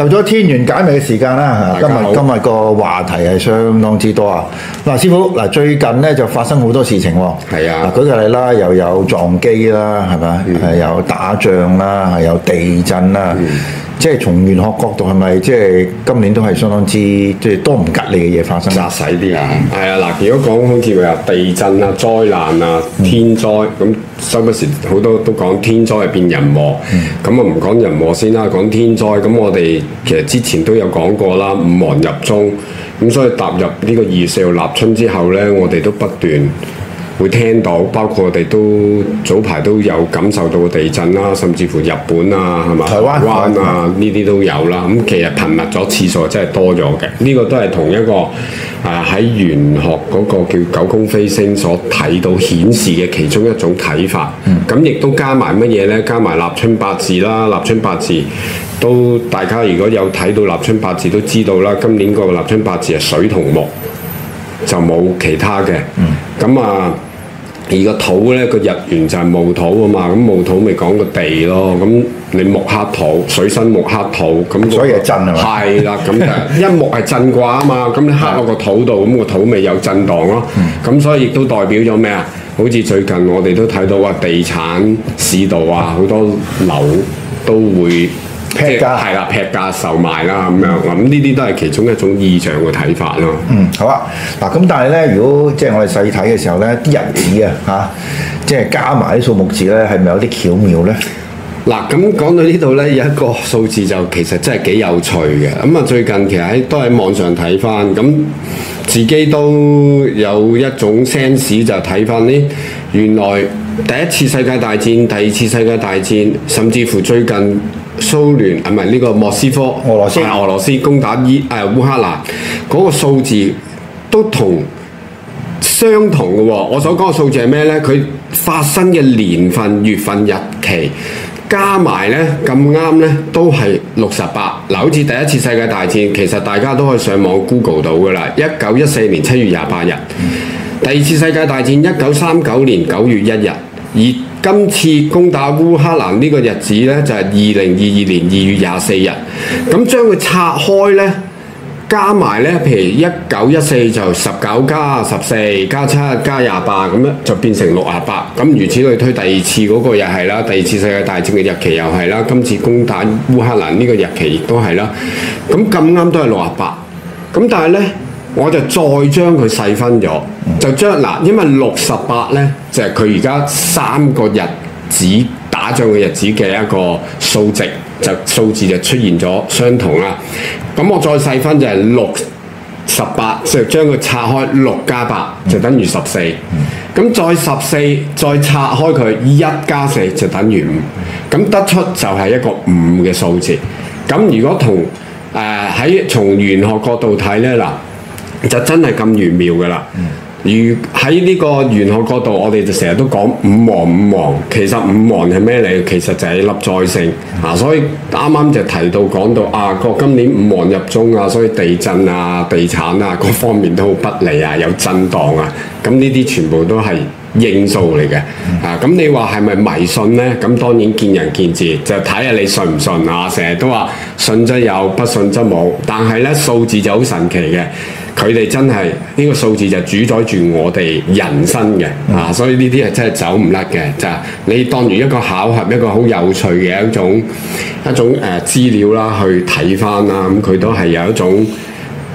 又咗天玄解密嘅時間啦，今日今日個話題係相當之多啊！嗱，師傅，嗱最近咧就發生好多事情喎。係啊，舉個例啦，又有撞機啦，係咪？係、嗯、有打仗啦，係有地震啦。嗯。即係從玄學角度係咪即係今年都係相當之即係、就是、多唔吉利嘅嘢發生？紮實啲啊！係啊，嗱，如果講好似話地震啊、災難啊、天災，咁收不時好多都講天災變人禍。咁我唔講人禍先啦，講天災。咁我哋其實之前都有講過啦，五黃入中，咁所以踏入呢個二四六立春之後呢，我哋都不斷會聽到，包括我哋都早排都有感受到地震啦，甚至乎日本啊，係嘛？台灣，台灣啊，呢啲都有啦。咁其實頻密咗次數真係多咗嘅。呢、呢個都係同一個啊喺玄學嗰個叫九宮飛星所睇到顯示嘅其中一種睇法。咁亦、嗯、都加埋乜嘢呢？加埋立春八字啦，立春八字都大家如果有睇到立春八字都知道啦。今年個立春八字係水同木，就冇其他嘅。咁、嗯、啊～而個土呢，個日元就係戊土啊嘛，咁戊土咪講個地咯，咁你木克土，水生木克土，咁、那個、所以係震啊嘛，係啦，咁一木係震卦啊嘛，咁你克落個土度，咁個土咪有震盪咯，咁、嗯、所以亦都代表咗咩啊？好似最近我哋都睇到話，地產市道啊，好多樓都會。劈價係啦，劈價售賣啦咁樣，咁呢啲都係其中一種異象嘅睇法咯。嗯，好啊。嗱，咁但係咧，如果即係、即係、我哋細睇嘅時候咧，啲日子啊，嚇，即係加埋啲數目字咧，係咪有啲巧妙咧？嗱、嗯，咁講到呢度咧，有一個數字就其實真係幾有趣嘅。咁啊，最近其實喺都喺網上睇翻，咁自己都有一種 sense 就睇翻呢。原來第一次世界大戰、第二次世界大戰，甚至乎最近。蘇聯係咪呢個莫斯科？俄羅斯？俄羅斯攻打伊誒、呃、烏克蘭嗰、那個數字都同相同嘅喎、哦。我所講嘅數字係咩呢？佢發生嘅年份、月份、日期加埋呢，咁啱呢，都係六十八。嗱，好似第一次世界大戰，其實大家都可以上網 Google 到㗎啦。一九一四年七月廿八日，嗯、第二次世界大戰一九三九年九月一日，以今次攻打烏克蘭呢個日子呢，就係二零二二年二月廿四日。咁將佢拆開呢，加埋呢，譬如一九一四就十九加十四加七加廿八咁樣，28，就變成六十八。咁如此類推，第二次嗰個又係啦，第二次世界大戰嘅日期又係啦，今次攻打烏克蘭呢個日期亦都係啦。咁咁啱都係六十八。咁但係呢。我就再將佢細分咗，就將嗱，因為六十八呢，就係佢而家三個日子打仗嘅日子嘅一個數值，就數字就出現咗相同啦。咁我再細分就係六十八，就將佢拆開六加八就等於十四，咁再十四再拆開佢一加四就等於五，咁得出就係一個五嘅數字。咁如果同誒喺、呃、從玄學角度睇呢，嗱、呃。就真係咁玄妙嘅啦。如喺呢個玄學角度，我哋就成日都講五黃五黃。其實五黃係咩嚟？其實就係粒災星啊。所以啱啱就提到講到啊，個今年五黃入中啊，所以地震啊、地產啊各方面都好不利啊，有震盪啊。咁呢啲全部都係應數嚟嘅啊。咁你話係咪迷信呢？咁當然見仁見智，就睇下你信唔信啊。成日都話信則有，不信則冇。但係呢數字就好神奇嘅。佢哋真係呢、這個數字就主宰住我哋人生嘅、嗯、啊，所以呢啲係真係走唔甩嘅，就係、你當如一個巧合，一個好有趣嘅一種一種誒資、呃、料啦，去睇翻啦，咁佢都係有一種。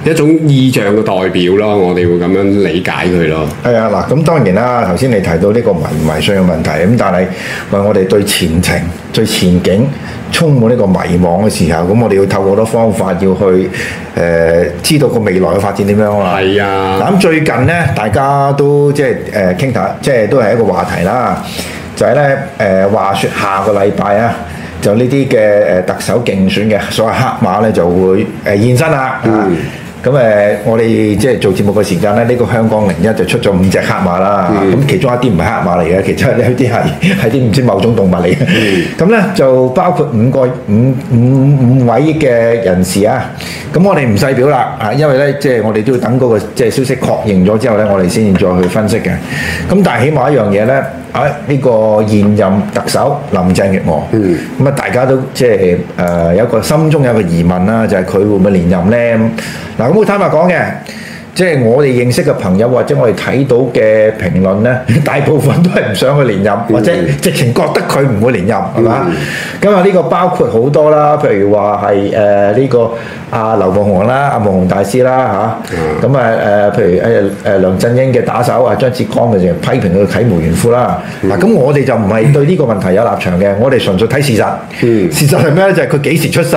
一種意象嘅代表咯，我哋會咁樣理解佢咯。係啊、哎，嗱咁當然啦，頭先你提到呢個迷唔迷信嘅問題咁，但係餵我哋對前程、對前景充滿呢個迷茫嘅時候，咁我哋要透過好多方法要去誒、呃、知道個未來嘅發展點樣啊。係啊、哎呀。嗱咁最近咧，大家都即係誒傾下，即係、呃、都係一個話題啦，就係咧誒話説下個禮拜啊，就呢啲嘅誒特首競選嘅所謂黑馬咧就會誒、呃、現身啦。啊、嗯。咁誒，我哋即係做節目嘅時間咧，呢個香港零一就出咗五隻黑馬啦。咁、嗯、其中一啲唔係黑馬嚟嘅，其實有啲係係啲唔知某種動物嚟嘅。咁咧、嗯、就包括五個五五五位嘅人士啊。咁我哋唔細表啦，啊，因為咧即係我哋都要等嗰個即係消息確認咗之後咧，我哋先至再去分析嘅。咁但係起碼一樣嘢咧。啊！呢、這個現任特首林鄭月娥，咁啊、嗯，大家都即係誒有個心中有個疑問啦，就係、是、佢會唔會連任咧？嗱、啊，我坦白話講嘅。即係我哋認識嘅朋友，或者我哋睇到嘅評論咧，大部分都係唔想去連任，或者直情覺得佢唔會連任，係嘛？咁啊、嗯，呢個包括好多啦，譬如話係誒呢個阿劉鳳紅啦，阿鳳紅大師啦嚇，咁啊誒、啊，譬如誒誒、呃呃、梁振英嘅打手啊張志剛，咪成日批評佢體無完夫體無完膚啦。嗱、嗯，咁、啊、我哋就唔係對呢個問題有立場嘅，我哋純粹睇事實。嗯、事實係咩咧？就係佢幾時出世，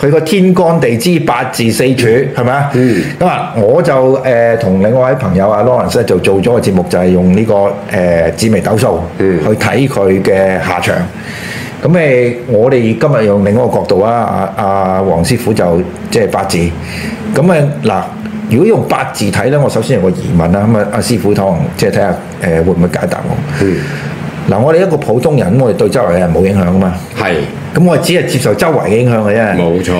佢 個天干地支八字四柱係咪啊？咁啊我。嗯我就誒同、呃、另外一位朋友阿、啊、Lawrence 就做咗個節目，就係、是、用呢、這個誒紫微斗數去睇佢嘅下場。咁誒、嗯，我哋今日用另一個角度啊，阿阿黃師傅就即係、就是、八字。咁誒嗱，如果用八字睇咧，我首先有個疑問啊，咁啊，阿師傅睇，即係睇下誒會唔會解答我？嗱、嗯啊，我哋一個普通人，我哋對周圍嘅人冇影響噶嘛？係是。咁我哋只係接受周圍嘅影響嘅啫。冇錯。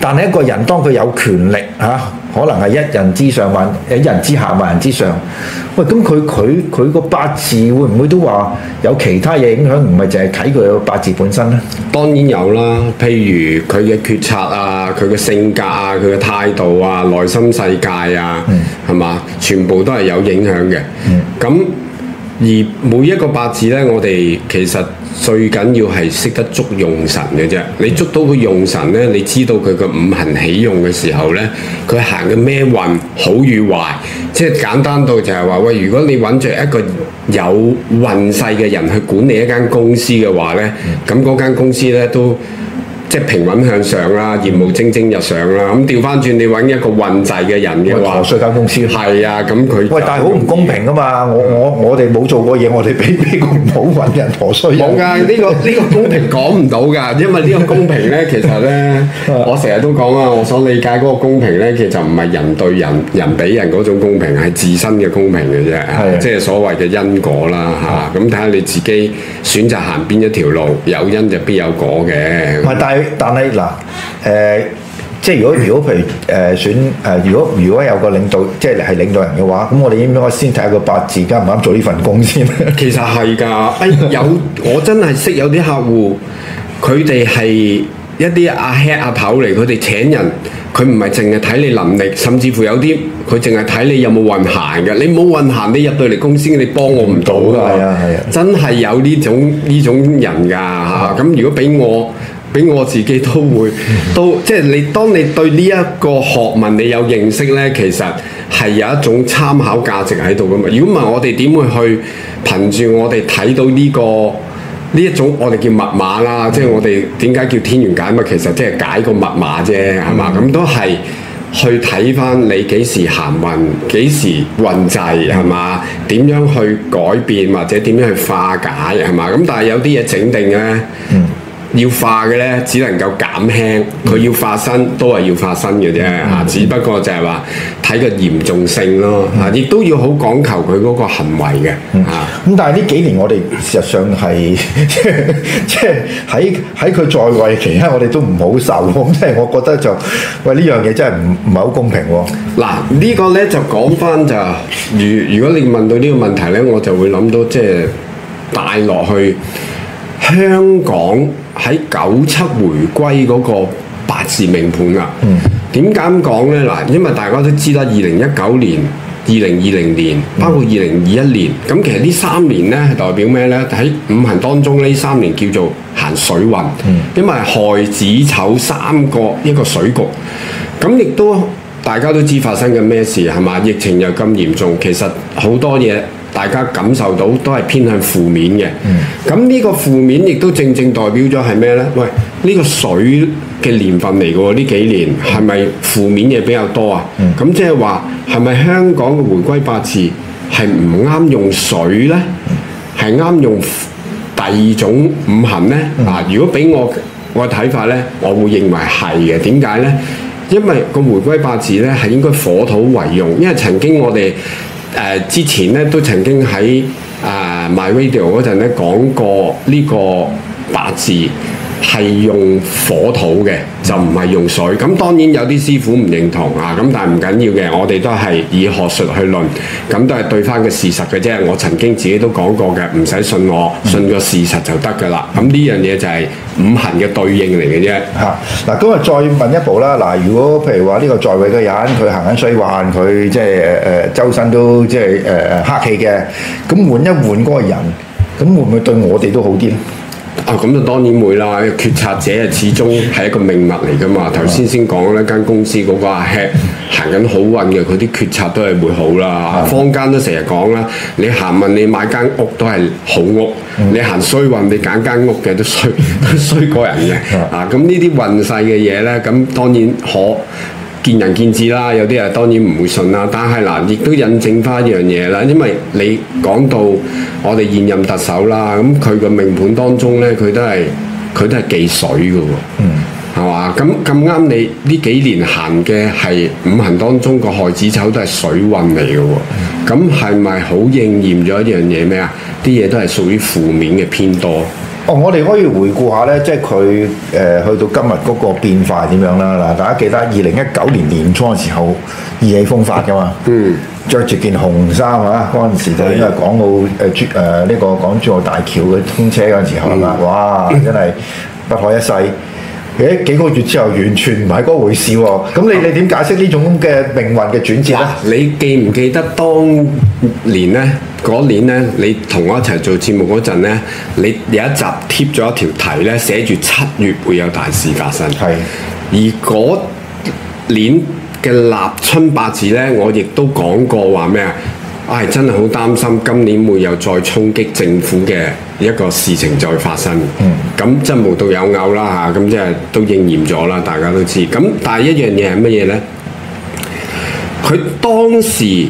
但係一個人，當佢有權力嚇。啊可能係一人之上或一人之下，萬人之上。喂，咁佢佢佢個八字會唔會都話有其他嘢影響？唔係淨係睇佢個八字本身咧。當然有啦，譬如佢嘅決策啊，佢嘅性格啊，佢嘅態度啊，內心世界啊，係嘛、嗯，全部都係有影響嘅。咁、嗯、而每一個八字咧，我哋其實～最緊要係識得捉用神嘅啫，你捉到佢用神呢，你知道佢嘅五行起用嘅時候呢，佢行嘅咩運好與壞，即係簡單到就係話喂，如果你揾着一個有運勢嘅人去管理一間公司嘅話呢，咁嗰間公司呢都。即係平穩向上啦，業務蒸蒸日上啦。咁調翻轉，你揾一個運滯嘅人嘅話，逃稅公司係啊。咁佢喂，但係好唔公平噶嘛！我我我哋冇做過嘢，我哋俾呢個冇混人逃稅冇噶，呢個呢個公平講唔到㗎，因為呢個公平咧，其實咧，我成日都講啊，我所理解嗰個公平咧，其實就唔係人對人人俾人嗰種公平，係自身嘅公平嘅啫。即係所謂嘅因果啦嚇。咁睇下你自己選擇行邊一條路，有因就必有果嘅。但係嗱，誒，即係如果如果譬如誒、呃、選誒、呃，如果如果有個領導，即係係領導人嘅話，咁我哋應該先睇下個八字，啱唔啱做呢份工先。其實係㗎、哎，有我真係識有啲客戶，佢哋係一啲阿、啊、head 阿頭嚟，佢哋請人，佢唔係淨係睇你能力，甚至乎有啲佢淨係睇你有冇運行嘅。你冇運行，你入到嚟公司，你幫我唔到㗎。係啊係啊，啊啊真係有呢種呢種人㗎嚇。咁、啊、如果俾我。俾我自己都會都即係你，當你對呢一個學問你有認識呢，其實係有一種參考價值喺度噶嘛。如果唔係，我哋點會去憑住我哋睇到呢、這個呢一種我哋叫密碼啦，嗯、即係我哋點解叫天玄解密？其實即係解個密碼啫，係嘛？咁都係去睇翻你幾時行運，幾時運滯，係嘛？點樣去改變或者點樣去化解，係嘛？咁但係有啲嘢整定嘅。嗯要化嘅咧，只能夠減輕佢、嗯、要發生都係要發生嘅啫，啊、嗯！只不過就係話睇個嚴重性咯，啊、嗯！亦都要好講求佢嗰個行為嘅，嗯、啊！咁但係呢幾年我哋事實上係即係喺喺佢在位期間，我哋都唔好受，即係我覺得就喂呢樣嘢真係唔唔係好公平喎、啊。嗱、呢個、呢個咧就講翻就如如果你問到呢個問題咧，我就會諗到即係帶落去。香港喺九七回歸嗰個八字命盤啊，點解咁講呢？嗱，因為大家都知啦，二零一九年、二零二零年，包括二零二一年，咁、嗯、其實呢三年呢，代表咩呢？喺五行當中呢三年叫做行水運，嗯、因為亥子丑三個一個水局，咁亦都大家都知發生緊咩事係嘛？疫情又咁嚴重，其實好多嘢。大家感受到都係偏向負面嘅，咁呢、嗯、個負面亦都正正代表咗係咩呢？喂，呢、呢個水嘅年份嚟嘅喎，呢幾年係咪負面嘢比較多啊？咁即係話係咪香港嘅回歸八字係唔啱用水呢？係啱、嗯、用第二種五行呢？嗱、嗯，如果俾我我嘅睇法呢，我會認為係嘅。點解呢？因為個回歸八字呢係應該火土為用，因為曾經我哋。誒、呃、之前咧都曾經喺啊 MyRadio 嗰陣咧講過呢個八字係用火土嘅。就唔係用水咁，當然有啲師傅唔認同啊，咁但係唔緊要嘅，我哋都係以學術去論，咁都係對翻個事實嘅啫。我曾經自己都講過嘅，唔使信我，信個事實就得㗎啦。咁呢樣嘢就係五行嘅對應嚟嘅啫。嚇嗱、啊，咁啊再問一步啦。嗱、啊，如果譬如話呢個在位嘅人，佢行緊水患，佢即係誒周身都即係誒黑氣嘅，咁換一換嗰個人，咁會唔會對我哋都好啲咧？啊，咁就當然會啦！決策者啊，始終係一個命脈嚟㗎嘛。頭先先講呢間公司嗰、嗰個阿吃 行緊好運嘅，佢啲決策都係會好啦。 坊間都成日講啦，你行運你買間屋都係好屋， 你行衰運你揀間屋嘅都衰，都衰過人嘅。 啊，咁呢啲運勢嘅嘢呢，咁當然可。見仁見智啦，有啲人當然唔會信啦。但係嗱，亦都印證翻一樣嘢啦，因為你講到我哋現任特首啦，咁佢個命盤當中呢，佢都係佢都係忌水嘅喎。係嘛、嗯？咁咁啱你呢幾年行嘅係五行當中個亥子丑都係水運嚟嘅喎。咁係咪好應驗咗一樣嘢咩啊？啲嘢都係屬於負面嘅偏多。哦，我哋可以回顧下咧，即係佢誒去到今日嗰個變化點樣啦。嗱，大家記得二零一九年年初嘅時候意氣風發噶嘛？嗯，著住件紅衫啊，嗰陣時就的因為港澳誒珠誒呢個港珠澳大橋嘅通車嗰陣時候係，嗯、哇，真係不可一世。誒幾個月之後完全唔係嗰回事喎，啊。咁你你點解釋呢種嘅命運嘅轉折咧？你記唔記得當年咧？嗰年呢，你同我一齊做節目嗰陣呢，你有一集貼咗一條題呢，寫住七月會有大事發生。係。而嗰年嘅立春八字呢，我亦都講過話咩啊？唉、哎，真係好擔心今年會有再衝擊政府嘅一個事情再發生。嗯。咁真無獨有偶啦嚇，咁即係都應驗咗啦，大家都知。咁但係一樣嘢係乜嘢呢？佢當時。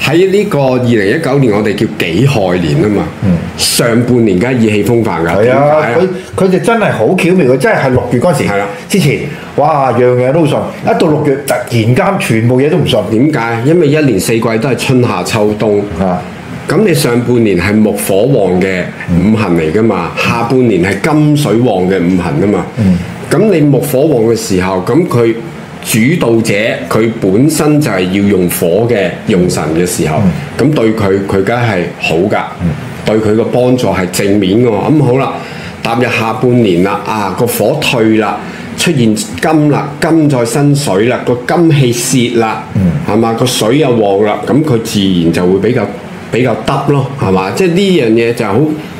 喺呢個二零一九年，我哋叫己亥年啊嘛！嗯、上半年梗係意氣風發噶，點解、啊？佢佢哋真係好巧妙，佢真係六月嗰時、啊、之前，哇樣樣都順，嗯、一到六月突然間全部嘢都唔順。點解？因為一年四季都係春夏秋冬嚇。咁、啊、你上半年係木火旺嘅五行嚟㗎嘛？嗯、下半年係金水旺嘅五行啊嘛。咁、嗯嗯、你木火旺嘅時候，咁佢。主導者佢本身就係要用火嘅用神嘅時候，咁、嗯、對佢佢梗係好噶，嗯、對佢個幫助係正面㗎。咁、嗯、好啦，踏入下半年啦，啊個火退啦，出現金啦，金再生水啦，個金氣泄啦，係嘛，個水又旺啦，咁佢自然就會比較比較得咯，係嘛？即係呢樣嘢就好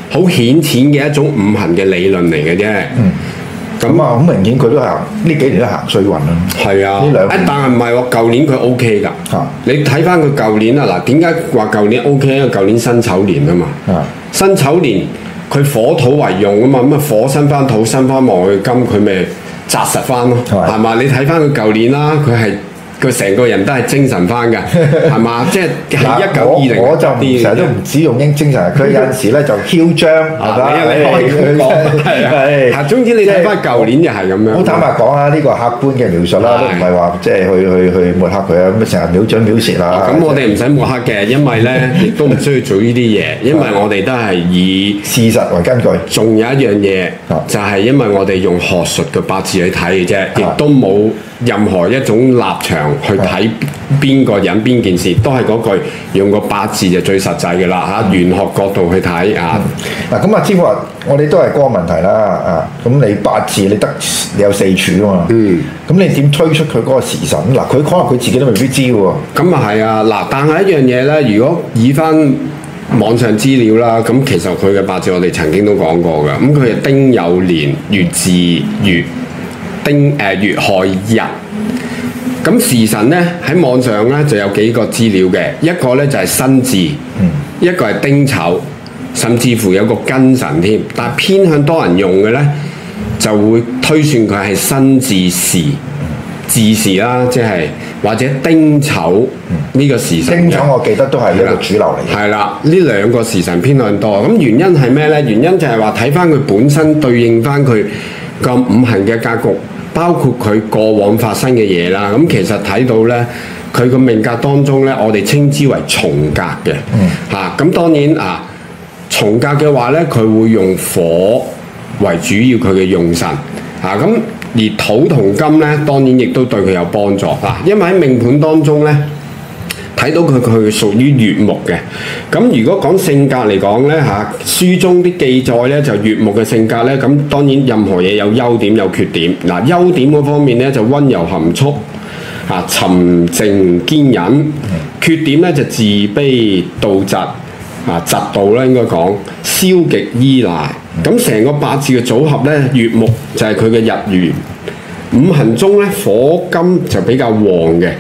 好顯淺嘅一種五行嘅理論嚟嘅啫。嗯咁啊，好明顯佢都係呢幾年都行衰運啦。係啊，哎、但係唔係喎，舊年佢 OK 㗎。你睇翻佢舊年啊，嗱點解話舊年 OK 咧？因為舊年辛丑年啊嘛，辛丑年佢火土為用啊嘛，咁啊火生翻土，生翻旺去金，佢咪紮實翻咯，係嘛、啊？你睇翻佢舊年啦，佢係。佢成個人都係精神翻㗎，係嘛？即係一九二零年，我就成日都唔只用英精神，佢有陣時咧就囂張，難得開佢。係啊，總之你睇翻舊年又係咁樣。好坦白講啊，呢個客觀嘅描述啦，都唔係話即係去去去抹黑佢啊咁成日表獎表示啦。咁我哋唔使抹黑嘅，因為咧亦都唔需要做呢啲嘢，因為我哋都係以事實為根據。仲有一樣嘢，就係因為我哋用學術嘅八字去睇嘅啫，亦都冇任何一種立場，去睇邊個人、邊的件事，都係嗰句，用個八字就最實際嘅啦嚇。玄學角度去睇啊，嗱咁、嗯、啊，師傅，我哋都係嗰個問題啦啊。咁你八字你得你有四柱啊嘛，咁、嗯、你點推出佢嗰個時辰？嗱、啊，佢可能佢自己都未必知喎。咁啊係啊，嗱、啊，但係一樣嘢咧，如果以翻網上資料啦，咁其實佢嘅八字我哋曾經都講過嘅。咁佢丁酉年月字月丁誒月亥日。越咁時辰呢，喺網上咧就有幾個資料嘅，一個咧就係辛巳，嗯、一個係丁丑，甚至乎有個庚申添。但係偏向多人用嘅呢，就會推算佢係辛巳時、巳時啦，即係或者丁丑呢個時辰、嗯。丁丑我記得都係一個主流嚟。係啦，呢兩個時辰偏向多。咁原因係咩呢？原因就係話睇翻佢本身對應翻佢個五行嘅格局。包括佢過往發生嘅嘢啦，咁其實睇到呢，佢個命格當中呢，我哋稱之為從格嘅，嚇、嗯。咁、啊、當然啊，從格嘅話呢，佢會用火為主要佢嘅用神，嚇、啊。咁而土同金呢，當然亦都對佢有幫助嗱、啊。因為喺命盤當中呢。睇到佢佢屬於月木嘅，咁如果講性格嚟講呢，嚇，書中啲記載呢，就月木嘅性格呢。咁當然任何嘢有優點有缺點，嗱，優點嗰方面呢，就温柔含蓄，嚇、啊、沉靜堅忍，缺點呢，就自卑妒嫉，啊嫉妒，咧應該講，消極依賴，咁成個八字嘅組合呢，月木就係佢嘅日元。五行中咧，火金就比較旺嘅。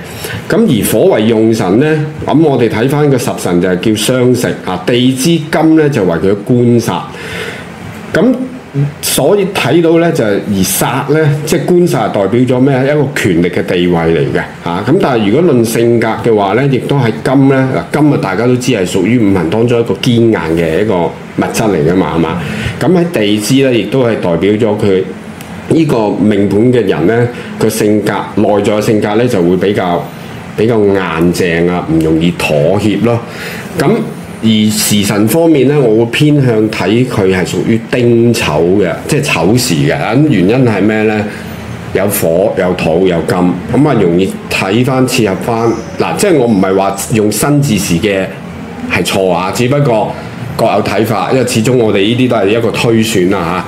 咁而火為用神咧，咁我哋睇翻個十神就係叫相食啊。地支金咧就為佢官殺。咁所以睇到咧就係而殺咧，即係官殺係代表咗咩？一個權力嘅地位嚟嘅啊。咁但係如果論性格嘅話咧，亦都係金咧。嗱、啊，金啊，大家都知係屬於五行當中一個堅硬嘅一個物質嚟嘅嘛，係嘛？咁喺地支咧，亦都係代表咗佢。呢個命盤嘅人呢，佢性格內在嘅性格呢就會比較比較硬淨啊，唔容易妥協咯。咁而時辰方面呢，我會偏向睇佢係屬於丁丑嘅，即係丑時嘅。咁原因係咩呢？有火、有土、有金，咁啊容易睇翻切合翻嗱。即係我唔係話用新字時嘅係錯啊，只不過各有睇法，因為始終我哋呢啲都係一個推算啊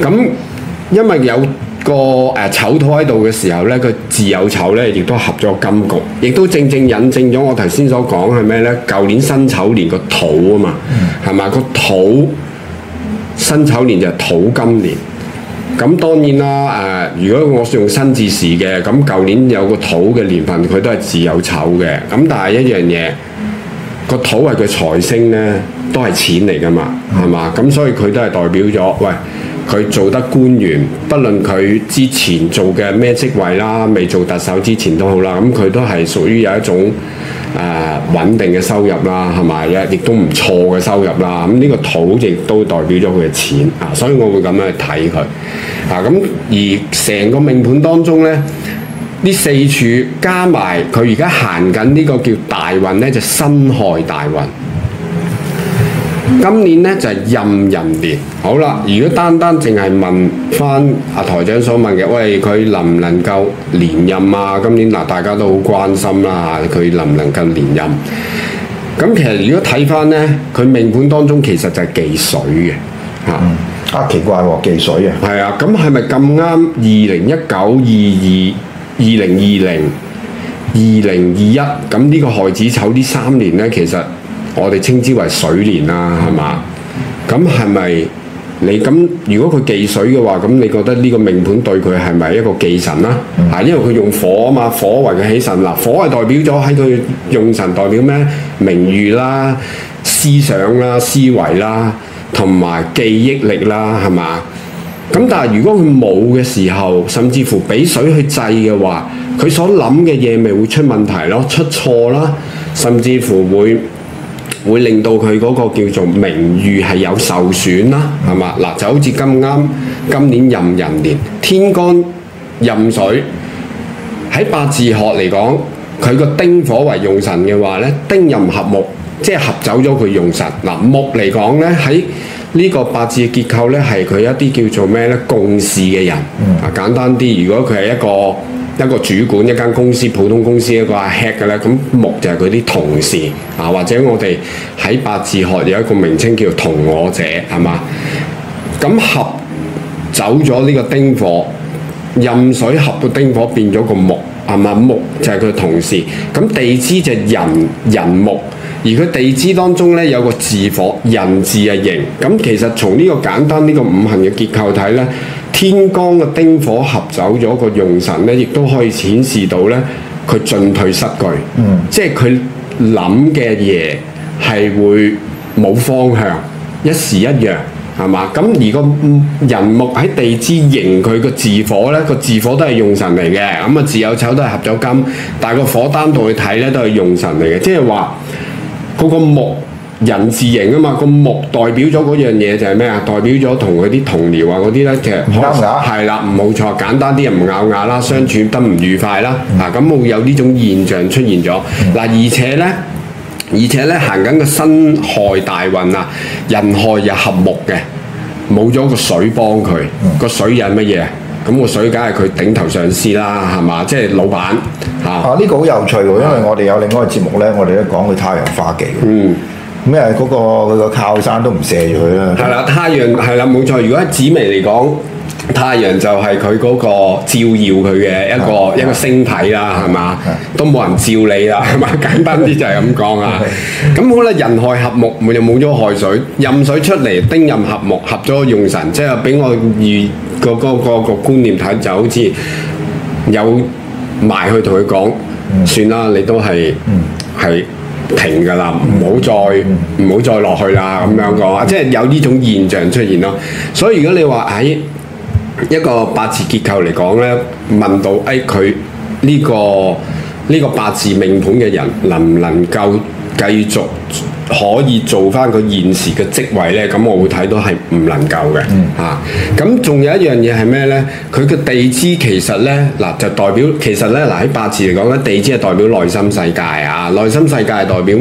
嚇。咁因為有個誒丑土喺度嘅時候呢，佢自有丑呢，亦都合咗金局，亦都正正引證咗我頭先所講係咩呢？舊年辛丑年個土啊嘛，係嘛，個土，辛丑年就係土金年。咁當然啦，誒如果我用辛字時嘅，咁舊年有個土嘅年份，佢都係自有丑嘅。咁但係一樣嘢，個土係佢財星呢，都係錢嚟㗎嘛，係嘛？咁所以佢都係代表咗，喂。佢做得官員，不論佢之前做嘅咩職位啦，未做特首之前都好啦，咁佢都係屬於有一種誒、呃、穩定嘅收入啦，係咪咧？亦都唔錯嘅收入啦。咁、這、呢個土亦都代表咗佢嘅錢啊，所以我會咁樣去睇佢啊。咁而成個命盤當中呢，呢四柱加埋佢而家行緊呢個叫大運呢，就是、辛亥大運。今年咧就係、是、任人年。好啦。如果單單淨係問翻阿台長所問嘅，喂佢能唔能夠連任啊？今年嗱大家都好關心啦、啊，佢能唔能夠連任？咁其實如果睇翻呢，佢命盤當中其實就係忌水嘅嚇，嗯啊、奇怪喎、啊、忌水嘅，係啊。咁係咪咁啱？二零一九、二二、二零二零、二零二一，咁呢個亥子丑呢三年呢，其實～我哋稱之為水年啦，係嘛？咁係咪你咁？如果佢忌水嘅話，咁你覺得呢個命盤對佢係咪一個忌神啦？係因為佢用火啊嘛，火為佢喜神嗱，火係代表咗喺佢用神代表咩名譽啦、思想啦、思維啦，同埋記憶力啦，係嘛？咁但係如果佢冇嘅時候，甚至乎俾水去制嘅話，佢所諗嘅嘢咪會出問題咯，出錯啦，甚至乎會。會令到佢嗰個叫做名譽係有受損啦，係嘛？嗱，就好似今啱今年壬寅年，天干壬水喺八字學嚟講，佢個丁火為用神嘅話呢，丁壬合木，即係合走咗佢用神。嗱，啊，木嚟講呢，喺呢個八字結構呢，係佢一啲叫做咩呢？共事嘅人，啊，簡單啲，如果佢係一個。一個主管，一間公司，普通公司一個阿 head 嘅咧，咁木就係佢啲同事啊，或者我哋喺八字學有一個名稱叫同我者係嘛？咁合走咗呢個丁火，壬水合到丁火變咗個木係嘛？木就係佢同事。咁地支就係壬壬木，而佢地支當中咧有個字火，壬字係形。咁其實從呢個簡單呢個五行嘅結構睇咧。天干嘅丁火合走咗個用神咧，亦都可以顯示到咧，佢進退失據，嗯，即係佢諗嘅嘢係會冇方向，一時一樣，係嘛？咁而個人木喺地支形，佢個巳火咧，個巳火都係用神嚟嘅，咁啊巳酉丑都係合走金，但係個火單獨去睇咧都係用神嚟嘅，即係話嗰個木。人事型啊嘛，個木代表咗嗰樣嘢就係咩啊？代表咗同佢啲同僚啊嗰啲咧，即係咬牙。係啦，冇、嗯、錯，簡單啲就唔咬牙啦，相處得唔愉快啦。嗱、嗯，咁、啊、會有呢種現象出現咗。嗱、嗯，而且咧，而且咧，行緊個辛亥大運啊，寅亥又合木嘅，冇咗個水幫佢。嗯水嗰個水係乜嘢？咁個水梗係佢頂頭上司啦，係嘛？即係老闆嚇。啊，呢、啊呢個好有趣喎，因為我哋有另外一個節目咧，我哋都講佢太陽花季。嗯。咩？嗰個佢個靠山都唔射住佢啦。係啦，太陽係啦，冇錯。如果喺紫微嚟講，太陽就係佢嗰個照耀佢嘅一個的一個星體啦，係嘛？的都冇人照你啦，係嘛？簡單啲就係咁講啊。咁 的好啦，人亥合木就冇咗亥水，壬水出嚟丁壬合木合咗用神，即係俾我預、嗰個、嗰個、嗰個、嗰個觀念睇就好似有埋去同佢講，嗯、算啦，你都係係。嗯嗯停㗎啦，唔好再唔好再落去啦，咁樣講，即係有呢種現象出現咯。所以如果你話喺一個八字結構嚟講呢，問到誒佢呢個呢個八字命盤嘅人能唔能夠繼續？可以做翻個現時嘅職位呢，咁我會睇到係唔能夠嘅。嗯、啊，咁仲有一樣嘢係咩呢？佢嘅地支其實呢，嗱就代表其實呢，嗱喺八字嚟講呢，地支係代表內心世界啊，內心世界係代表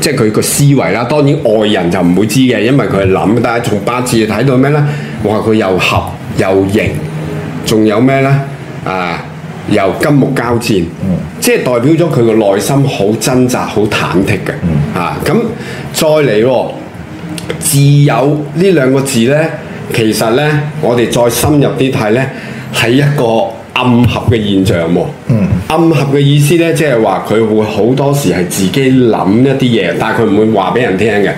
即係佢個思維啦、啊。當然外人就唔會知嘅，因為佢係諗。但係從八字睇到咩呢？哇，佢又合又刑，仲有咩呢？啊！由金木交戰，嗯、即係代表咗佢個內心好掙扎、好忐忑嘅。嚇咁、嗯啊、再嚟喎，自有呢兩個字呢，其實呢，我哋再深入啲睇呢，係一個暗合嘅現象喎、哦。嗯、暗合嘅意思呢，即係話佢會好多時係自己諗一啲嘢，但係佢唔會話俾人聽嘅。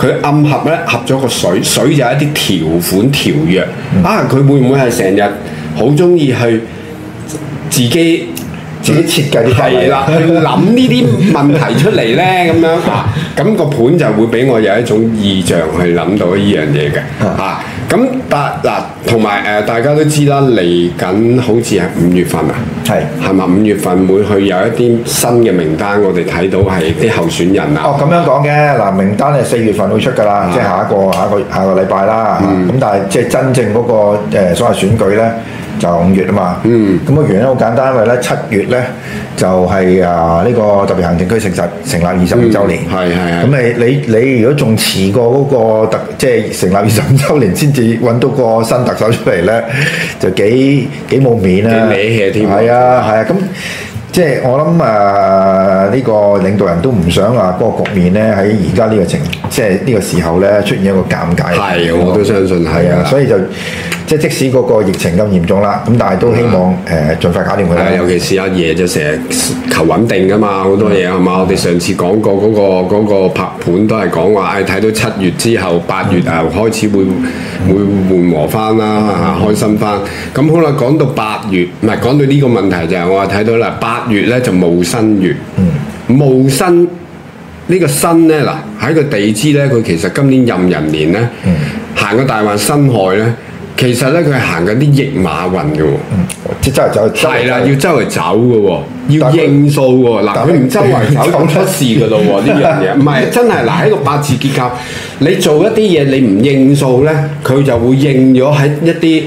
佢、嗯、暗合呢，合咗個水，水就係一啲條款條約。嗯、啊，佢會唔會係成日好中意去？自己自己設計啲計啦，去諗呢啲問題出嚟咧，咁 樣啊，咁個盤就會俾我有一種意象去諗到呢樣嘢嘅嚇。咁但嗱，同埋誒，大家都知啦，嚟緊好似係五月份啊，係係咪五月份會去有一啲新嘅名單？我哋睇到係啲候選人啊。哦，咁樣講嘅嗱，名單係四月份會出㗎啦，即係、啊、下一個下一個下，一個，下一個禮拜啦。咁、嗯啊、但係即係真正嗰個誒所謂選舉咧。就五月啊嘛，咁個原因好簡單，因為咧七月咧就係啊呢個特別行政區成立成立二十五週年，係係啊。咁你你你如果仲遲過嗰個特即係成立二十五週年先至搵到個新特首出嚟咧，就幾幾冇面啊！你嘢添，係啊係啊，咁即係我諗啊呢個領導人都唔想啊嗰個局面咧喺而家呢個情即係呢個時候咧出現一個尷尬係，我都相信係啊，所以就。即係即使個個疫情咁嚴重啦，咁但係都希望誒、啊呃、盡快搞掂佢啦。尤其是阿爺就成日求穩定噶嘛，好多嘢係嘛。嗯、吧我哋上次講過嗰、那個那個拍盤都係講話，誒睇到七月之後八月又開始會會緩和翻啦，啊開心翻。咁好啦，講到八月，唔係講到呢個問題就係、是、我話睇到啦，八月咧就冇新月，冇、嗯新，這個、新呢個新咧嗱喺個地支咧，佢其實今年壬寅年咧行個大運辛亥咧。其實咧，佢係行緊啲逆馬運嘅喎、哦，即周圍走，係啦， 要周圍走嘅喎、哦，他要應數喎、哦，嗱他，佢唔周圍走出，走出，走出事嘅咯喎，呢樣嘢，唔係 真係，嗱，喺個八字結構，你做一啲嘢，你唔應數咧，佢就會應咗喺一啲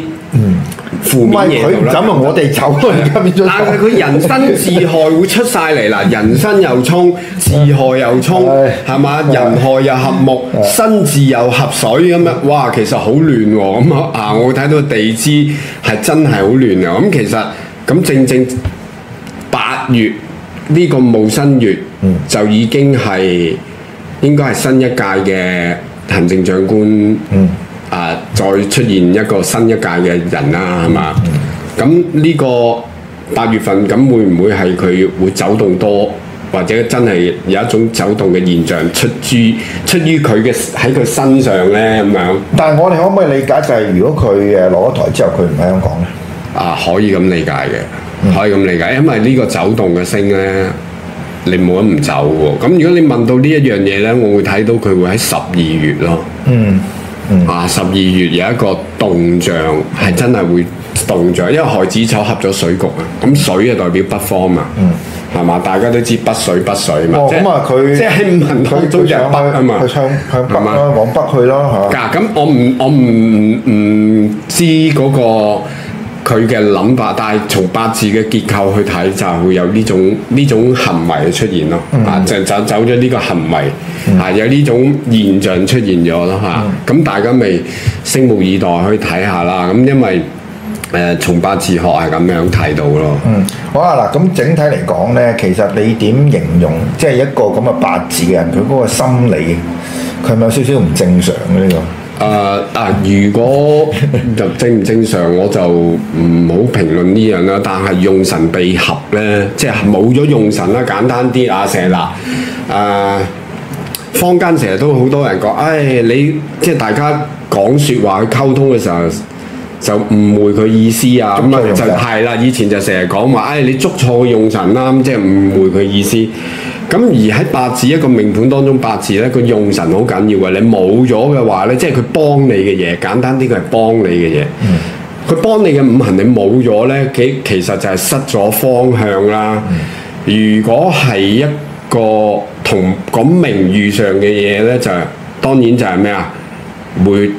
負面嘢度啦，我哋走，而家變，但係佢人身自害會出晒嚟啦， 人身又沖，自害又沖，係嘛？ 人害又合木， 身自又合水咁樣，哇！其實好亂咁啊！我睇到地支係真係好亂嘅。咁其實咁正正八月呢、這個戊申月就已經係應該係新一屆嘅行政長官。 啊！再出現一個新一屆嘅人啦，係嘛？咁呢個八月份咁會唔會係佢會走動多，或者真係有一種走動嘅現象出，出於出於佢嘅喺佢身上呢？咁樣？但係我哋可唔可以理解就係、是，如果佢誒落咗台之後，佢唔喺香港呢？啊，可以咁理解嘅，可以咁理解，因為呢個走動嘅星呢，你冇得唔走喎。咁如果你問到呢一樣嘢呢，我會睇到佢會喺十二月咯。嗯。啊！十二月有一個動象，係真係會動象，因為亥子丑合咗水局啊。咁水啊代表北方嘛，係嘛？大家都知北水北水嘛。咁啊佢即係向日北啊嘛，向北啊往北去咯嚇。嗱，咁我唔我唔唔知嗰個佢嘅諗法，但係從八字嘅結構去睇，就係、會有呢種呢種行為嘅出現咯。嗯、啊，就，就走走咗呢個行為，啊、嗯、有呢種現象出現咗咯嚇。咁、嗯啊、大家咪拭目以待去睇下啦。咁因為誒從、呃、八字學係咁樣睇到咯。嗯，好啊嗱。咁整體嚟講咧，其實你點形容，即、就、係、係、一個咁嘅八字嘅人，佢嗰個心理係咪有少少唔正常嘅呢、這個？誒啊、呃呃！如果就正唔正常，我就唔好評論呢樣啦。但係用神被合咧，即係冇咗用神啦。簡單啲啊，成日嗱誒，坊間成日都好多人講，誒、哎、你即係大家講説話去溝通嘅時候，就誤會佢意思啊。咁啊、嗯，就係啦。以前就成日講話，誒、哎、你捉錯用神啦，咁即係誤會佢意思。咁而喺八字一個命盤當中，八字咧個用神好緊要嘅，你冇咗嘅話咧，即係佢幫你嘅嘢，簡單啲佢係幫你嘅嘢。佢、嗯、幫你嘅五行你冇咗咧，佢其實就係失咗方向啦。嗯、如果係一個同咁名譽上嘅嘢咧，就當然就係咩啊？會。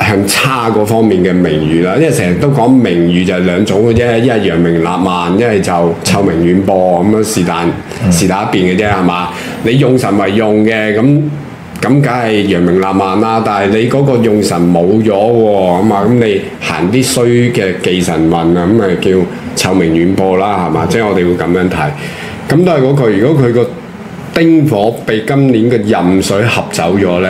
向差嗰方面嘅名譽啦，因為成日都講名譽就係兩種嘅啫，一係揚名立萬，一係就臭名遠播咁樣，嗯，是但，是但一邊嘅啫，係嘛？你用神咪用嘅，咁咁梗係揚名立萬啦，但係你嗰個用神冇咗喎，咁啊，咁你行啲衰嘅忌神運啊，咁咪叫臭名遠播啦，係嘛？即係、嗯、我哋會咁樣睇。咁都係嗰、嗰個。如果佢個丁火被今年嘅壬水合走咗呢。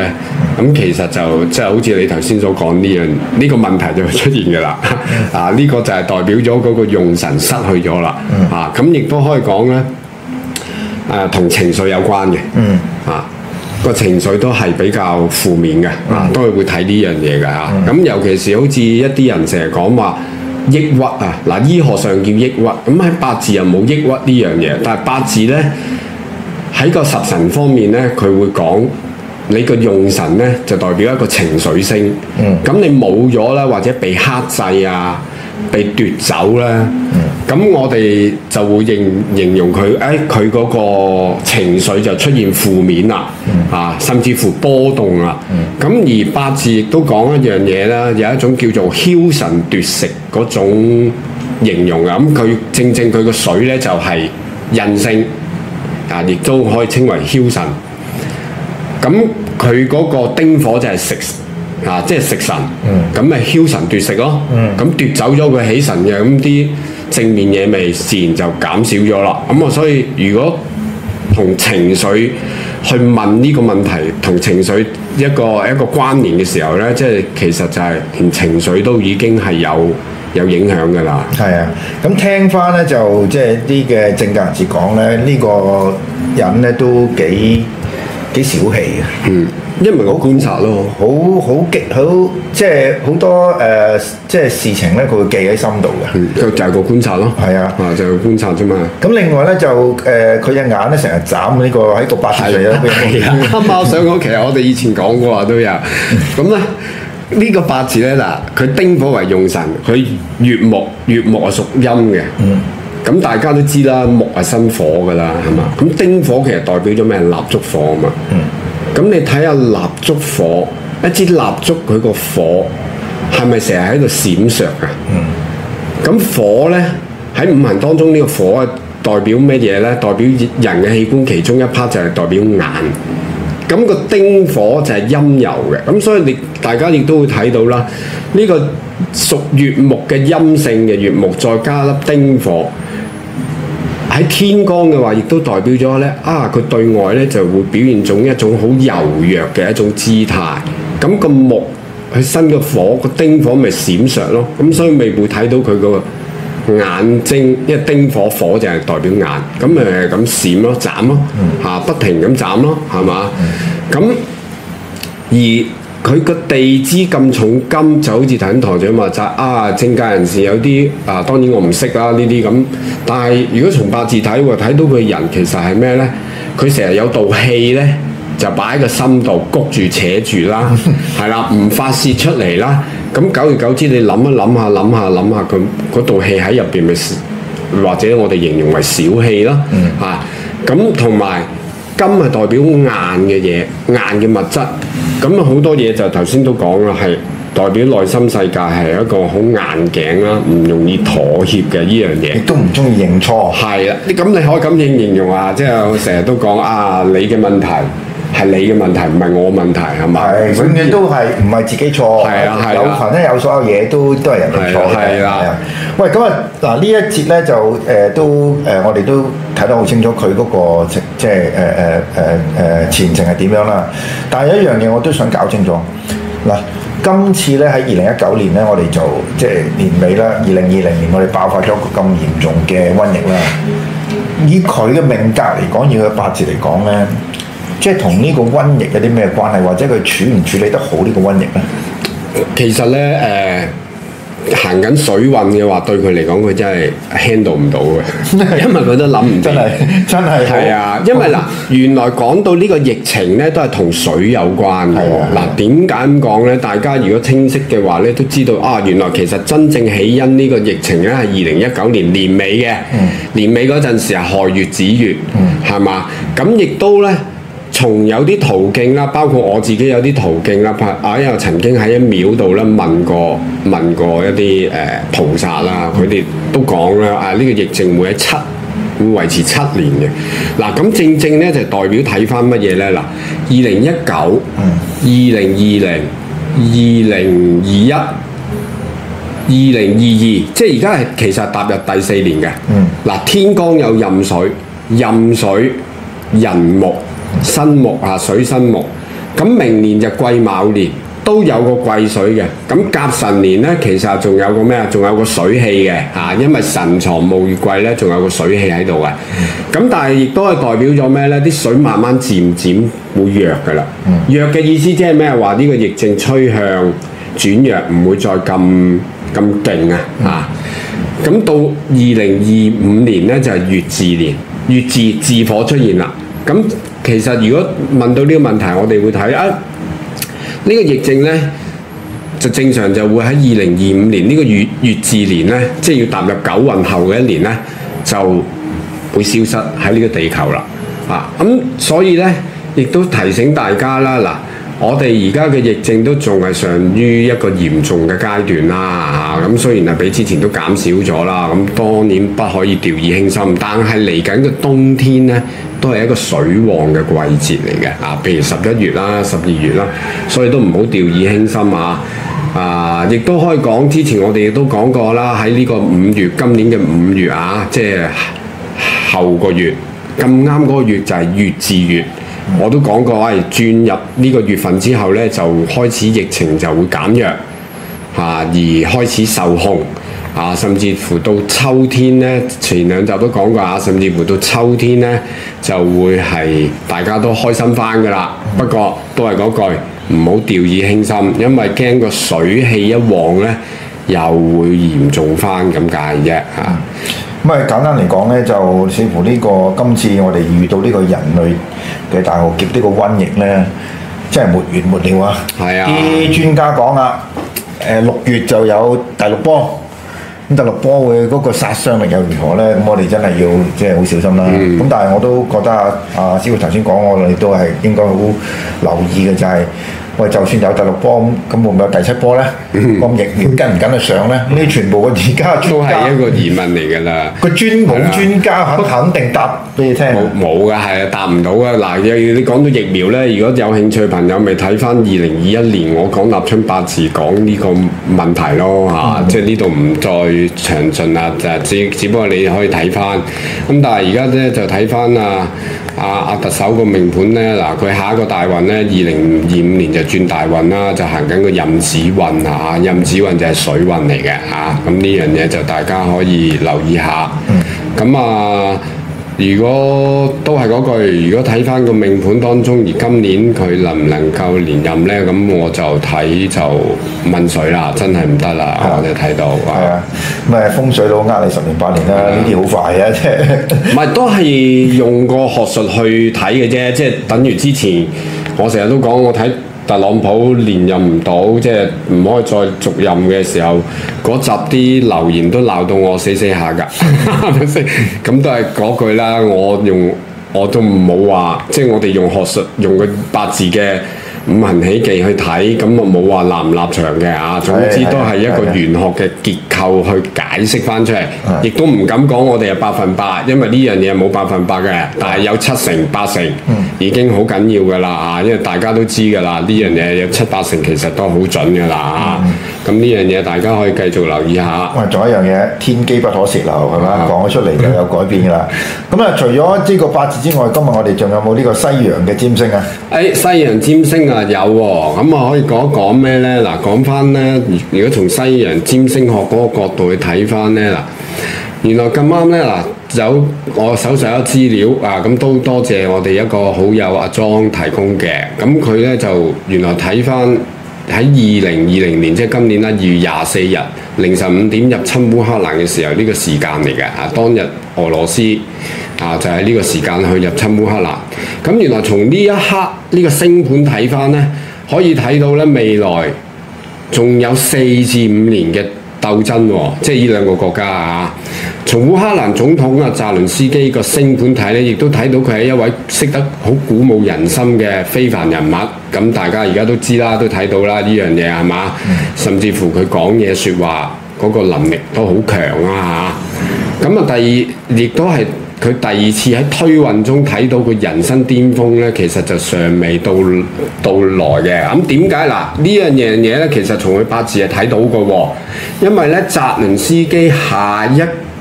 咁其實就即係好似你頭先所講呢樣呢個問題就會出現嘅啦啊！呢、這個就係代表咗嗰個用神失去咗啦啊！咁亦都可以講咧誒，同、啊、情緒有關嘅啊個情緒都係比較負面嘅啊，都會會睇呢樣嘢嘅啊！咁尤其是好似一啲人成日講話抑鬱啊嗱，醫學上叫抑鬱，咁喺八字又冇抑鬱呢樣嘢，但係八字咧喺個十神方面咧，佢會講。你個用神呢，就代表一個情緒星，咁、嗯、你冇咗啦，或者被克制啊，被奪走啦、啊。咁、嗯、我哋就會認形，形容佢，誒佢嗰個情緒就出現負面啦，嗯、啊，甚至乎波動啊，咁、嗯、而八字亦都講一樣嘢啦，有一種叫做梟神奪食嗰種形容啊，咁佢正正佢個水呢，就係、是、印星，啊，亦都可以稱為梟神。咁佢嗰個丁火就係食啊，即係食神，咁咪梟神奪食咯。咁、嗯、奪走咗佢喜神嘅咁啲正面嘢味，自然就減少咗啦。咁啊，所以如果同情緒去問呢個問題，同情緒一個一個關聯嘅時候呢，即係其實就係連情緒都已經係有有影響噶啦。係啊，咁聽翻呢，就即係啲嘅政界人士講呢，呢個人呢都幾，幾小氣嘅，嗯，因為好觀察咯，好好激好，即係好多誒，即係事情咧，佢會記喺心度嘅，就係個觀察咯，係啊，啊就係、是、觀察啫嘛。咁、嗯、另外咧就誒，佢、呃、隻眼咧成日斬呢個喺度八字嚟咯，係啊，啱啱想講，其實我哋以前講過都有，咁咧呢個八字咧嗱，佢丁火為用神，佢乙木乙木屬陰嘅，嗯。咁大家都知啦，木係生火噶啦，係嘛？咁丁火其實代表咗咩？蠟燭火啊嘛。咁你睇下蠟燭火一支蠟燭，佢個火係咪成日喺度閃爍啊？咁火咧喺五行當中，呢個火係代表咩嘢咧？代表人嘅器官其中一 part 就係代表眼。咁個丁火就係陰柔嘅，咁所以你大家亦都會睇到啦。呢個屬乙木嘅陰性嘅乙木，再加粒丁火。喺天光嘅話，亦都代表咗呢。啊！佢對外呢就會表現種一種好柔弱嘅一種姿態。咁個木佢生咗火，個丁火咪閃爍咯。咁所以未會睇到佢嗰個眼睛，因為丁火火就係代表眼。咁咪咁閃咯，斬咯嚇，不停咁斬咯，係嘛？咁而。佢個地支咁重金，就好似頭先台長話齋啊！政界人士有啲啊，當然我唔識啦，呢啲咁。但係如果從八字睇喎，睇到佢人其實係咩呢？佢成日有道氣呢，就擺喺個心度谷住扯住啦，係啦， 唔發泄出嚟啦。咁久而久之，你諗一諗下，諗下，諗下，佢嗰道氣喺入邊咪？或者我哋形容為小氣啦，嚇咁同埋。金係代表硬嘅嘢，硬嘅物質，咁好多嘢就頭先都講啦，係代表內心世界係一個好硬頸啦，唔容易妥協嘅呢樣嘢。亦都唔中意認錯。係啦，咁你可以咁樣形容啊，即係我成日都講啊，你嘅問題。係你嘅問題，唔係我問題，係嘛？永遠都係唔係自己錯，有份咧，啊、有所有嘢都都係人哋錯嘅。係啦，係啊。啊定啊喂，咁啊，嗱呢一節咧就誒、呃、都誒、呃，我哋都睇得好清楚佢嗰、嗰個即係誒誒誒誒前程係點樣啦。但係有一樣嘢我都想搞清楚。嗱，今次咧喺二零一九年咧，我哋就即係年尾啦，二零二零年我哋爆發咗一個咁嚴重嘅瘟疫啦。以佢嘅命格嚟講，以佢嘅八字嚟講咧。即係同呢個瘟疫有啲咩關係，或者佢處唔處理得好呢個瘟疫呢？其實呢，誒行緊水運嘅話，對佢嚟講，佢真係 handle 唔到嘅， 因為佢都諗唔到。真係真係係啊！因為嗱，原來講到呢個疫情呢，都係同水有關嘅。嗱、 啊，點解咁講呢？大家如果清晰嘅話呢，都知道啊，原來其實真正起因呢個疫情呢，係二零一九年年尾嘅。嗯、年尾嗰陣時係亥月子月，嗯，係嘛？咁亦都呢。同有啲途徑啦，包括我自己有啲途徑啦。拍、哎、啊，又曾經喺一廟度咧問過問過一啲誒、呃、菩薩啦，佢哋都講啦啊，呢、這個疫情會喺七會維持七年嘅嗱。咁正正咧就是、代表睇翻乜嘢咧嗱？二零一九、二零二零、二零二一、二零二二，即係而家係其實踏入第四年嘅嗱。天光有壬水，壬水人木。新木啊，水新木，咁明年就癸卯年都有個癸水嘅，咁甲辰年呢，其實仲有個咩啊？仲有個水氣嘅，吓、啊，因為辰藏戊乙癸呢，仲有個水氣喺度嘅，咁但係亦都係代表咗咩呢？啲水慢慢漸漸會弱噶啦，嗯、弱嘅意思即係咩？話呢個疫症趨向轉弱，唔會再咁咁勁啊，吓、嗯，咁、啊、到二零二五年呢，就係、是、乙巳年，乙巳、巳火出現啦，咁。其實，如果問到呢個問題，我哋會睇啊，呢個疫症呢，就正常就會喺二零二五年呢個乙巳年呢，即係要踏入九運後嘅一年呢，就會消失喺呢個地球啦。啊，咁、嗯、所以呢，亦都提醒大家啦嗱。我哋而家嘅疫症都仲係上於一個嚴重嘅階段啦，嚇、啊、咁雖然係比之前都減少咗啦，咁、啊、當然不可以掉以輕心。但係嚟緊嘅冬天呢，都係一個水旺嘅季節嚟嘅，啊，譬如十一月啦、十二月啦，所以都唔好掉以輕心啊！啊，亦都可以講，之前我哋亦都講過啦，喺呢個五月，今年嘅五月啊，即、就、係、是、後個月，咁啱嗰個月就係月治月。我都講過，喂、啊，轉入呢個月份之後呢，就開始疫情就會減弱，嚇、啊，而開始受控，啊，甚至乎到秋天呢，前兩集都講過啊，甚至乎到秋天呢，就會係大家都開心返㗎喇。不過都係嗰句，唔好掉以輕心，因為驚個水氣一旺呢，又會嚴重返咁解啫，嚇、啊。咁啊，簡單嚟講咧，就似乎呢、這個今次我哋遇到呢個人類嘅大浩劫呢個瘟疫咧，真係沒完沒了啊！啲、嗯、專家講啊，誒、呃、六月就有第六波，咁第六波會嗰個殺傷力又如何咧？咁我哋真係要即係好小心啦。咁、嗯、但係我都覺得啊，阿師傅頭先講我哋都係應該好留意嘅，就係、是。就算有第六波咁，咁會唔會有第七波呢？個疫苗跟唔跟得上呢？呢、嗯、全部個而家都係一個疑問嚟㗎啦。個 專冇專家肯肯定答俾你聽冇冇㗎，係啊，答唔到㗎。嗱，你講到疫苗呢，如果有興趣朋友咪睇翻二零二一年我講立春八字講呢個問題咯吓，啊嗯、即係呢度唔再詳盡啦，就只只不過你可以睇翻。咁但係而家呢，就睇翻啊。阿阿、啊、特首個命盤咧，嗱、啊、佢下一個大運咧，二零二五年就轉大運啦，就行緊個壬子運啦，啊壬子運就係水運嚟嘅，啊咁呢樣嘢就大家可以留意下，咁、嗯、啊。如果都係嗰句，如果睇翻個命盤當中，而今年佢能唔能夠連任呢？咁我就睇就問水啦，真係唔的得啦，我哋睇到。係啊的，咩吧風水佬呃你十年八年啦，呢啲好快啊，即係。唔係都係用個學術去睇嘅啫，即係等於之前我成日都講，我睇。我特朗普連任唔到，即係唔可以再續任嘅時候，嗰集啲留言都鬧到我死死下噶，咁 都係嗰句啦。我用我都唔好話，即係我哋用學術用個八字嘅。五行喜忌去睇，咁我冇話立唔立場嘅啊。總之都係一個玄學嘅結構去解釋翻出嚟，亦都唔敢講我哋係百分百，因為呢樣嘢冇百分百嘅，但係有七成八成已經好緊要噶啦啊！因為大家都知噶啦，呢樣嘢有七八成其實都好準噶啦啊！咁呢樣嘢大家可以繼續留意下。喂，啊，仲有一樣嘢，天機不可泄漏，係嘛吧？講咗出嚟又有改變㗎啦。咁啊、嗯，除咗呢個八字之外，今日我哋仲有冇呢個西洋嘅占星啊？誒、哎，西洋占星啊，有咁、哦、啊，可以講一講咩呢？嗱，講翻呢。如果從西洋占星學嗰個角度去睇翻呢，嗱，原來咁啱呢，嗱，有我手上有資料啊，咁都多謝我哋一個好友阿莊提供嘅。咁佢呢，就原來睇翻。喺二零二零年，即係今年啦，二月廿四日凌晨五點入侵烏克蘭嘅時候，呢、這個時間嚟嘅嚇。當日俄羅斯啊就喺、是、呢個時間去入侵烏克蘭。咁、啊、原來從呢一刻呢、這個星盤睇返呢，可以睇到呢未來仲有四至五年嘅鬥爭，啊、即係呢兩個國家啊。從烏克蘭總統啊，澤倫斯基個星盤睇咧，亦都睇到佢係一位識得好鼓舞人心嘅非凡人物。咁大家而家都知啦，都睇到啦，呢樣嘢係嘛？嗯、甚至乎佢講嘢説話嗰、那個能力都好強啊嚇。咁啊，第二亦都係佢第二次喺推運中睇到佢人生巔峰咧，其實就尚未到到來嘅。咁點解嗱？呢樣樣嘢咧，其實從佢八字係睇到嘅喎。因為咧，澤倫斯基下一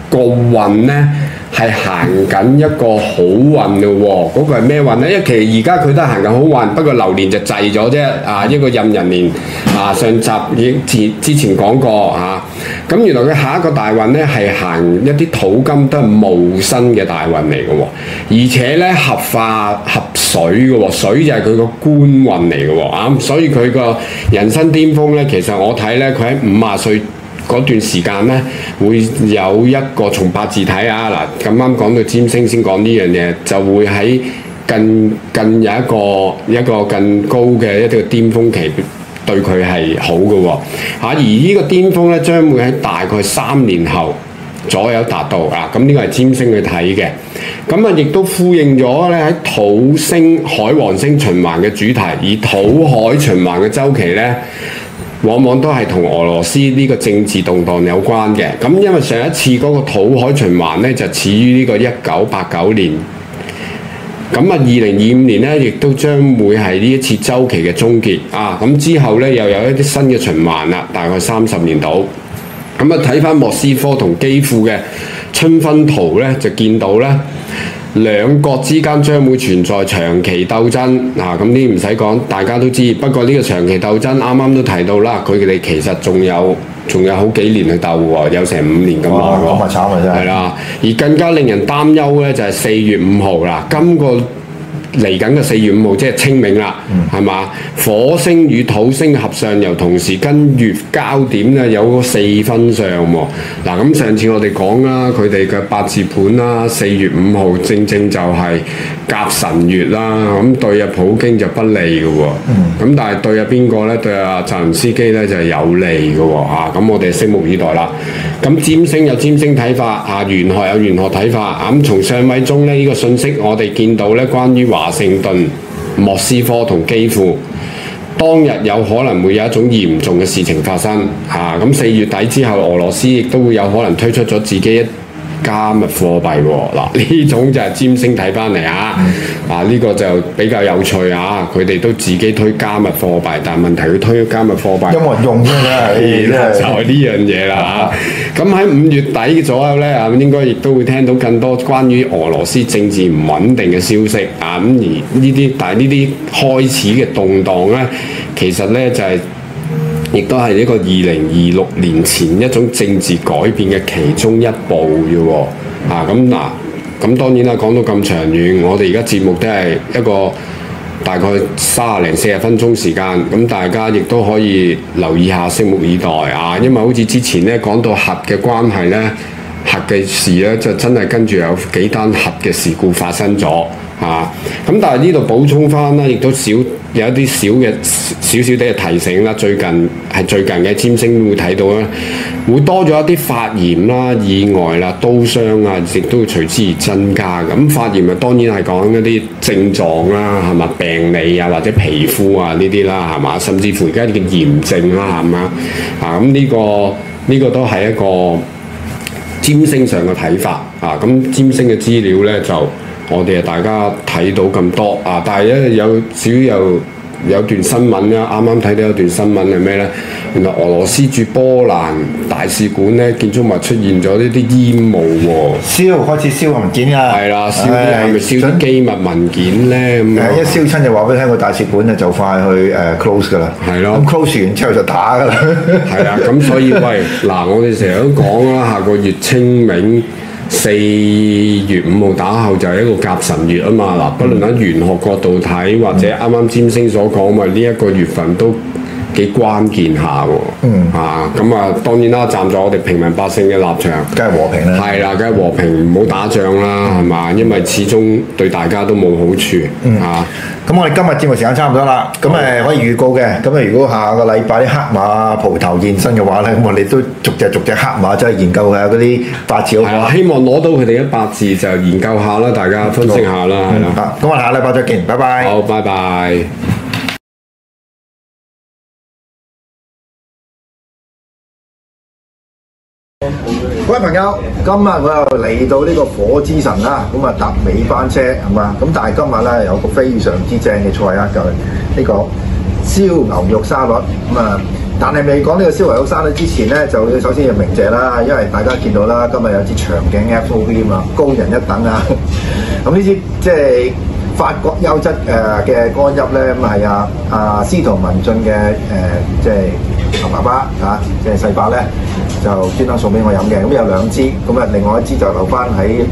個運呢係行緊一個好運嘅喎、哦，嗰、那個係咩運呢？因為其實而家佢都行緊好運，不過流年就滯咗啫。啊，一個壬寅年啊，上集已之之前講過啊。咁原來佢下一個大運呢係行一啲土金都係戊申嘅大運嚟嘅喎，而且呢，合化合水嘅喎、哦，水就係佢個官運嚟嘅喎。啊，所以佢個人生巔峰呢，其實我睇呢，佢喺五十歲。嗰段時間呢，會有一個從八字睇啊，嗱咁啱講到占星，先講呢樣嘢，就會喺更更有一個一個更高嘅一個巔峰期對佢係好嘅喎、啊、而呢個巔峰呢，將會喺大概三年後左右達到啊，咁、這、呢個係占星去睇嘅，咁啊亦都呼應咗呢喺土星海王星循環嘅主題，而土海循環嘅周期呢。往往都係同俄羅斯呢個政治動盪有關嘅，咁因為上一次嗰個土海循環呢，就始於呢個一九八九年，咁啊二零二五年呢，亦都將會係呢一次周期嘅終結啊，咁之後呢，又有一啲新嘅循環啦，大概三十年到，咁啊睇返莫斯科同基輔嘅春分圖呢，就見到呢。兩國之間將會存在長期鬥爭，嗱，咁呢唔使講，大家都知。不過呢個長期鬥爭啱啱都提到啦，佢哋其實仲有仲有好幾年去鬥喎，有成五年咁耐喎，係啦、哦。而更加令人擔憂咧，就係、是、四月五號啦，今個。嚟緊嘅四月五號即係清明啦，係嘛、嗯？火星與土星合相，又同時跟月交點咧，有四分相喎。嗱、啊，咁上次我哋講啦，佢哋嘅八字盤啦，四月五號正正就係甲辰月啦，咁對啊普京就不利嘅喎、哦。咁、嗯、但係對啊邊個咧？對啊澤連斯基咧就係、是、有利嘅喎、哦。咁、啊、我哋拭目以待啦。咁占星有占星睇法，啊玄學有玄學睇法。咁、啊、從上位中咧呢、這個信息，我哋見到咧關於華盛頓、莫斯科同基輔，當日有可能會有一種嚴重嘅事情發生。嚇、啊，咁四月底之後，俄羅斯亦都會有可能推出咗自己一加密貨幣喎、啊、嗱，呢種就係占星睇翻嚟啊，嗯、啊呢、呢個就比較有趣啊，佢哋都自己推加密貨幣，但問題佢推咗加密貨幣。因為用啫啦、就係， 就係、是、呢樣嘢啦嚇。咁喺五月底左右呢，啊，應該亦都會聽到更多關於俄羅斯政治唔穩定嘅消息啊。咁、嗯、而呢啲，但係呢啲開始嘅動盪呢，其實呢就係、是。亦都係呢個二零二六年前一種政治改變嘅其中一步嘅喎、啊，啊咁嗱，咁、啊、當然啦，講到咁長遠，我哋而家節目都係一個大概三十零四十分鐘時間，咁大家亦都可以留意下，拭目以待啊，因為好似之前呢講到核嘅關係呢，核嘅事呢，就真係跟住有幾單核嘅事故發生咗。啊！咁但係呢度補充翻啦，亦都少有啲少嘅少少啲嘅提醒啦。最近係最近嘅占星會睇到啦，會多咗一啲發炎啦、意外啦、刀傷啊，亦都會隨之而增加咁發炎啊，當然係講一啲症狀啦，係嘛病理啊，或者皮膚啊呢啲啦，係嘛，甚至乎而家啲嘅炎症啦，係咪啊？咁、這、呢個呢、這個都係一個占星上嘅睇法啊！咁、嗯、占星嘅資料呢就。我哋啊，大家睇到咁多啊，但係咧有少有有段新聞啦，啱啱睇到有段新聞係咩咧？原來俄羅斯駐波蘭大使館咧，建築物出現咗呢啲煙霧喎、哦，燒開始燒文件啊，係啦，燒啲係咪燒機密文件咧？誒想樣、啊，一燒親就話俾你聽個大使館咧就快去誒、uh, close 㗎啦，係咯的，咁、嗯、close 完之後就打㗎啦，係 啦，咁所以喂，嗱，我哋成日都講啦，下個月清明。四月五號打後就係一個甲辰月啊嘛，嗱，不論喺玄學角度睇或者啱啱占星所講啊嘛，呢、這、一個月份都幾關鍵下喎，嚇咁啊！當然啦，站在我哋平民百姓嘅立場，梗係和平啦，係啦，梗係和平，唔好打仗啦，係嘛？因為始終對大家都冇好處，嚇。咁我哋今日節目時間差唔多啦，咁咪可以預告嘅。咁啊，如果下個禮拜啲黑馬蒲頭現身嘅話咧，咁我哋都逐隻逐隻黑馬即係研究下嗰啲八字咯。希望攞到佢哋啲八字就研究下啦，大家分析下啦。係啦，咁我哋下禮拜再見，拜拜。好，拜拜。各位朋友，今日我又嚟到呢個火之神啦，咁啊搭尾班車係嘛？咁但係今日咧有個非常之正嘅菜啊，就係呢個燒牛肉沙律，咁啊，但係未講呢個燒牛肉沙律之前咧，就要首先要鳴謝啦，因為大家見到啦，今日有支長頸 FOV 啊嘛，高人一等啊，咁呢啲即係。就是法國優質誒嘅干邑咧，咁啊係啊啊司徒文俊嘅誒、呃，即係阿爸爸啊，即係細伯咧，就專登送俾我飲嘅。咁、嗯、有兩支，咁、嗯、啊另外一支就留翻喺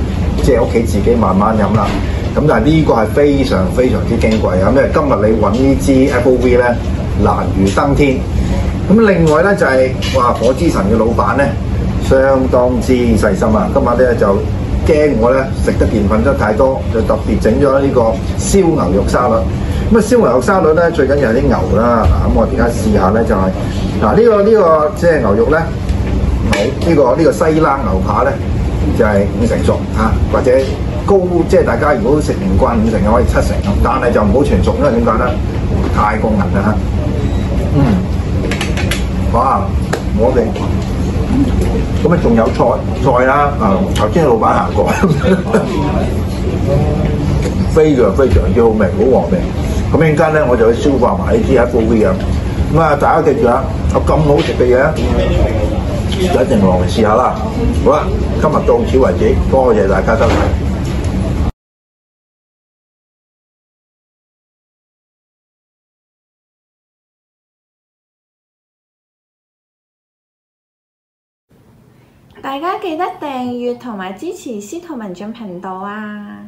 即係屋企自己慢慢飲啦。咁、嗯、但係呢個係非常非常之矜貴啊！咩、嗯？今日你揾呢支 F.O.V 咧難如登天。咁、嗯、另外咧就係、是、哇，火之神嘅老闆咧相當之細心啊！今晚咧就～驚我咧食得澱粉質太多，就特別整咗呢個燒牛肉沙律。咁啊燒牛肉沙律咧最緊要係啲牛啦，咁、啊啊、我點解試下咧就係嗱呢個呢、這個即係牛肉咧冇呢個呢、這個西冷牛扒咧就係、是、五成熟啊，或者高即係、就是、大家如果食唔慣五成嘅可以七成，但係就唔好全熟，因為點解咧太過硬啦嚇。嗯，好啊，我哋。咁啊，仲有菜菜啦，啊、嗯！頭先老闆行過，呵呵非常非常之好味，好和味。咁陣間咧，我就去消化埋呢啲阿副會啊。咁啊，大家記住啊，有咁好食嘅嘢，大家一定落嚟試下啦。好啦，今日到此為止，多謝大家收睇。大家記得訂閱同埋支持司徒文進頻道啊！